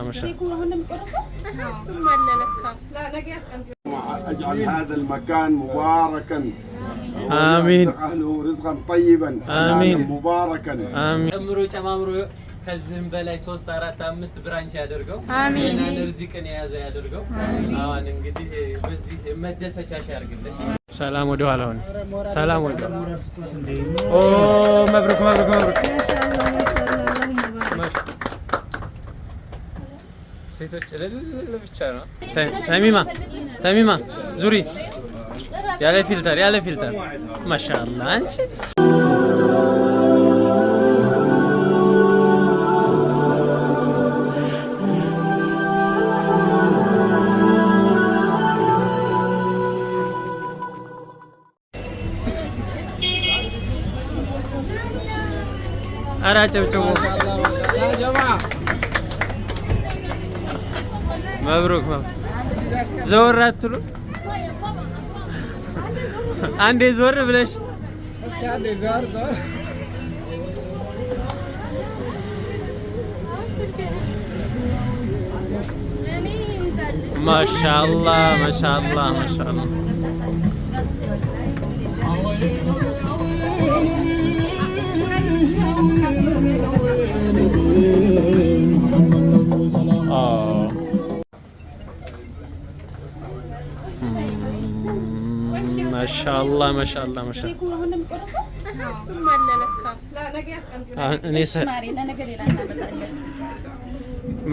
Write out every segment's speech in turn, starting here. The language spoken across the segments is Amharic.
ጨምሮ ጨማምሮ ከዚህም በላይ ሶስት አራት አምስት ብራንች ያደርገው። አሜን። ርዚቅን የያዘ ያደርገው። አሁን እንግዲህ በዚህ መደሰቻሽ ያርግልሽ። ሰላም ወደ ኋላ ሆነ። ሰላም ወደ ኦ፣ መብሩክ መብሩክ መብሩክ ሴቶች እልል ብቻ ነው። ተሚማ ተሚማ ዙሪ ያለ ፊልተር ያለ ፊልተር ማሻአላ አንቺ አራ መብሩክ ዘወር አትሉ። አንዴ ዞር ብለሽ ማሻአላህ ማሻአላህ ማሻአላህ ማሻአላ ማሻአላ ማሻአላ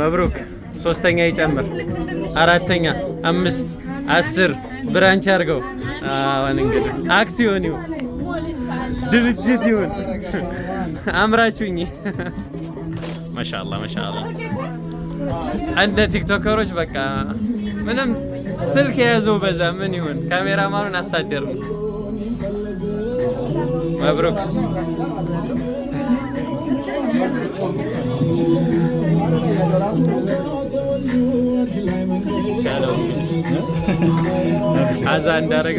መብሩክ ሶስተኛ ይጨምር፣ አራተኛ፣ አምስት፣ አስር ብራንች አድርገው። አሁን እንግዲህ አክሲዮን ይሁን ድርጅት ይሁን አምራችሁኝ። ማሻአላ ማሻአላ እንደ ቲክቶከሮች በቃ ምንም ስልክ የያዘው በዛ ምን ይሁን? ካሜራማኑን አሳደር ነው። መብሩክ አዛ እንዳረግ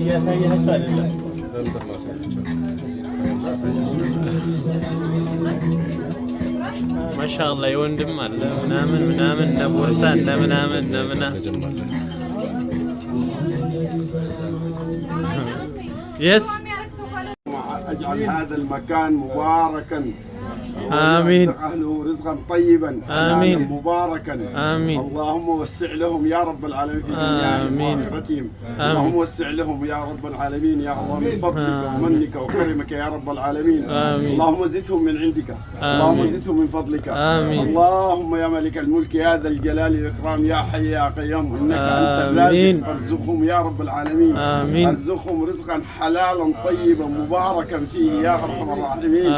እያሳያቸው የወንድም አለ ምናምን ምናምን እነ ቦርሳ እነ ምናምን እነ ምናምን የስ واجعل هذا المكان مباركا آمين أهله رزقا طيبا آمين مباركا آمين اللهم وسع لهم يا رب العالمين في دنياهم وآخرتهم اللهم وسع لهم يا رب العالمين يا الله من فضلك ومنك وكرمك يا رب العالمين آمين اللهم زدهم من عندك اللهم زدهم من فضلك آمين اللهم يا ملك الملك يا ذا الجلال والإكرام يا حي يا قيوم إنك أنت الرازق ارزقهم يا رب العالمين آمين ارزقهم رزقا حلالا طيبا مباركا فيه يا أرحم الراحمين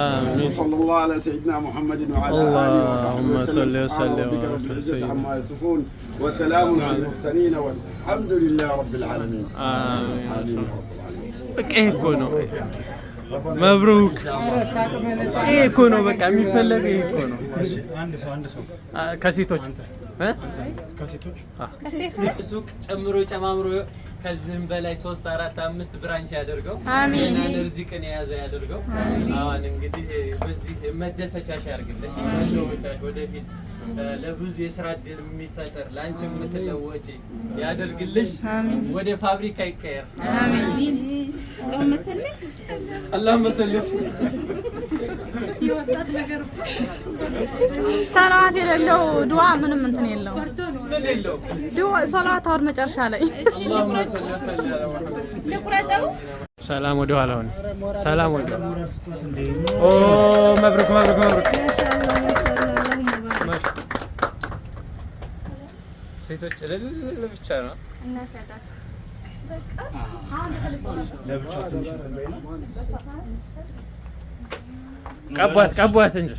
وصلى الله على سيدنا محمد وعلى آله وصحبه وسلم صل وسلم ربك رب العزة عما يصفون وسلام على المرسلين والحمد لله رب العالمين آمين بك إيه كونوا مبروك إيه كونوا بك عمي فلك إيه كونوا آه، كسيتوش ከሴቶች ሱቅ ጨምሮ ጨማምሮ ከዚህም በላይ ሶስት አራት አምስት ብራንች ያደርገው። አሜን። ርዚቅን የያዘ ያደርገው። አሁን እንግዲህ በዚህ መደሰቻሽ ያርግለሽ፣ መለወጫሽ ወደፊት ለብዙ የስራ እድል የሚፈጠር ለአንቺ የምትለወጪ ያደርግልሽ። ወደ ፋብሪካ ይቀየር። አሜን። አላህ መሰለስ ሰላዋት የሌለው ድዋ ምንም እንትን የለው። ሰላዋት አሁን መጨረሻ ላይ ሰላም ወደ ኋላ ሆነ። ሰላም ወደ መብሩክ መብሩክ መብሩክ። ሴቶች እልል ብቻ ነው። ቀቧት ቀቧት እንጂ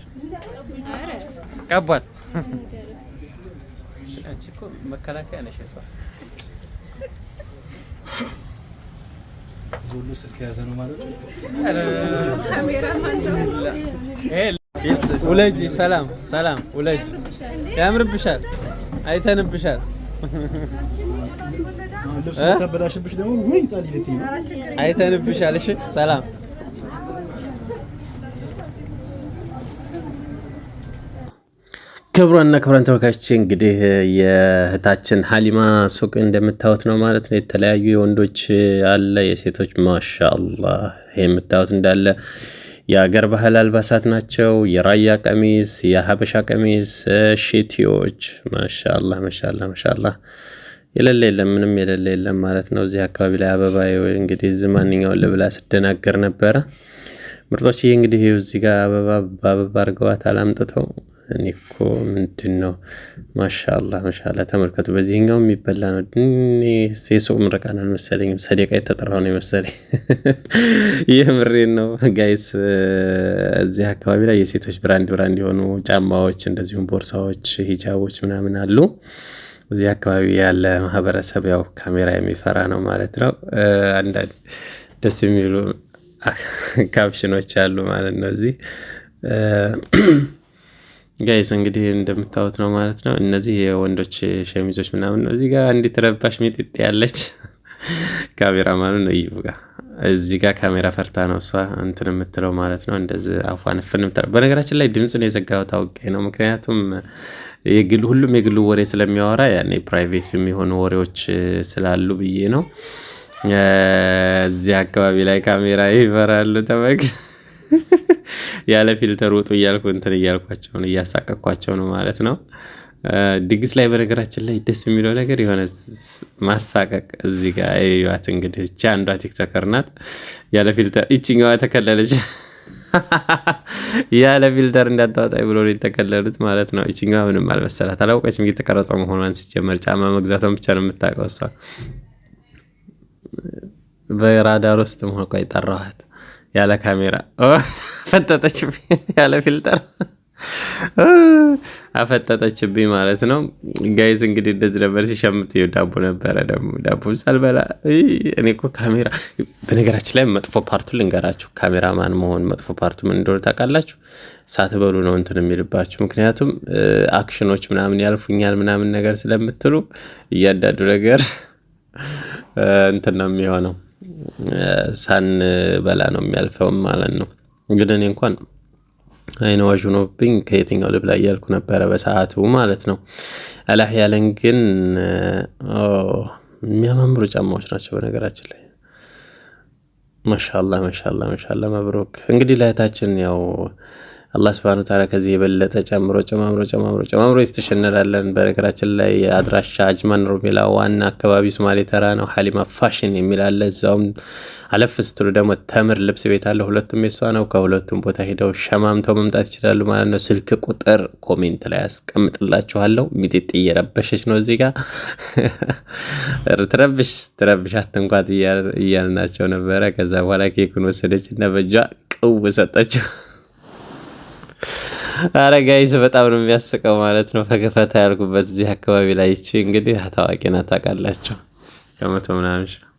ቀቧት። አንቺ እኮ መከላከያ ነሽ። የእሷ ሁሉ ስልክ የያዘ ነው ማለት ነው። ውለጂ፣ ሰላም ሰላም፣ ውለጂ። ያምርብሻል፣ አይተንብሻል። አይተንብሻል። እሺ፣ ሰላም ክቡራንና ክቡራን ተመልካቾች እንግዲህ የእህታችን ሀሊማ ሱቅ እንደምታዩት ነው ማለት ነው። የተለያዩ የወንዶች አለ የሴቶች ማሻአላህ። ይሄ የምታዩት እንዳለ የአገር ባህል አልባሳት ናቸው። የራያ ቀሚስ፣ የሀበሻ ቀሚስ፣ ሽቲዎች ማሻላ ማሻላ ማሻላ የሌለ የለም ምንም የሌለ የለም ማለት ነው። እዚህ አካባቢ ላይ አበባ እንግዲህ እዚህ ማንኛውን ልብላ ስደናገር ነበረ። ምርጦች ይህ እንግዲህ እዚህ ጋር አበባ በአበባ አድርገዋት አላምጥተው እኔ እኮ ምንድን ነው ማሻላ ማሻላ። ተመልከቱ፣ በዚህኛው የሚበላ ነው። የሱቅ ምረቃን መሰለኝም ሰደቃ የተጠራው ነው ይህ የምሬን ነው ጋይስ። እዚህ አካባቢ ላይ የሴቶች ብራንድ ብራንድ የሆኑ ጫማዎች፣ እንደዚሁም ቦርሳዎች፣ ሂጃቦች ምናምን አሉ። እዚህ አካባቢ ያለ ማህበረሰብ ያው ካሜራ የሚፈራ ነው ማለት ነው። አንዳንድ ደስ የሚሉ ካፕሽኖች አሉ ማለት ነው እዚህ ጋይስ እንግዲህ እንደምታወት ነው ማለት ነው። እነዚህ የወንዶች ሸሚዞች ምናምን ነው። እዚህ ጋር አንዲት ረባሽ ሚጥጥ ያለች ካሜራ ማኑ ነው እዩ ጋ እዚህ ጋር ካሜራ ፈርታ ነው እሷ እንትን የምትለው ማለት ነው። እንደዚህ አፏን ፍን ምታ በነገራችን ላይ ድምፅ ነው የዘጋው አውቄ ነው። ምክንያቱም የግል ሁሉም የግሉ ወሬ ስለሚያወራ ያኔ ፕራይቬት የሚሆኑ ወሬዎች ስላሉ ብዬ ነው። እዚህ አካባቢ ላይ ካሜራ ይፈራሉ ተመግ ያለ ፊልተር ውጡ እያልኩ እንትን እያልኳቸው ነው እያሳቀቅኳቸው ነው ማለት ነው። ድግስ ላይ በነገራችን ላይ ደስ የሚለው ነገር የሆነ ማሳቀቅ እዚህ ጋር እዩዋት። እንግዲህ እቻ አንዷ ቲክቶከር ናት ያለ ፊልተር፣ ይችኛዋ ተከለለች ያለ ፊልተር እንዳታወጣኝ ብሎ የተከለሉት ማለት ነው። ይችኛዋ ምንም አልመሰላት አላወቀችም እየተቀረጸው መሆኗን ሲጀመር ጫማ መግዛቷን ብቻ ነው የምታውቀው እሷ። በራዳር ውስጥ መሆን ቆይ ጠራኋት ያለ ካሜራ አፈጠጠችብኝ፣ ያለ ፊልተር አፈጠጠችብኝ ማለት ነው። ጋይዝ እንግዲህ እንደዚህ ነበር ሲሸምት ዳቦ ነበረ። ደግሞ ዳቦ ሳልበላ እኔ እኮ ካሜራ በነገራችን ላይ መጥፎ ፓርቱ ልንገራችሁ። ካሜራማን መሆን መጥፎ ፓርቱ ምን እንደሆነ ታውቃላችሁ? ሳትበሉ ነው እንትን የሚልባችሁ። ምክንያቱም አክሽኖች ምናምን ያልፉኛል ምናምን ነገር ስለምትሉ እያንዳንዱ ነገር እንትን ነው የሚሆነው ሳንበላ ነው የሚያልፈው ማለት ነው። ግን እኔ እንኳን አይነ ዋዥ ሆኖብኝ ከየትኛው ላይ እያልኩ ነበረ በሰዓቱ ማለት ነው። አላህ ያለን ግን የሚያማምሩ ጫማዎች ናቸው በነገራችን ላይ ማሻላ ማሻላ ማሻላ። መብሮክ እንግዲህ ለእህታችን ያው አላህ ስብሃነ ተዓላ ከዚህ የበለጠ ጨምሮ ጨማምሮ ጨማምሮ ጨማምሮ ይስተሸነዳለን። በነገራችን ላይ አድራሻ አጅማን ሮሜላ ዋና አካባቢ ሶማሌ ተራ ነው። ሀሊማ ፋሽን የሚል አለ። እዛውም አለፍ ስትሉ ደግሞ ተምር ልብስ ቤት አለ። ሁለቱም የሷ ነው። ከሁለቱም ቦታ ሄደው ሸማምተው መምጣት ይችላሉ ማለት ነው። ስልክ ቁጥር ኮሜንት ላይ ያስቀምጥላችኋለሁ። ሚጢጥ እየረበሸች ነው እዚህ ጋር ትረብሽ ትረብሽ አትንኳት እያልናቸው ነበረ። ከዛ በኋላ ኬኩን ወሰደች እና በእጇ ቅው ሰጠችው። አረ ጋይስ በጣም ነው የሚያስቀው ማለት ነው። ፈገፈታ ያልኩበት እዚህ አካባቢ ላይ ይቺ እንግዲህ ታዋቂ ናት ታውቃላችሁ ከመቶ ምናምን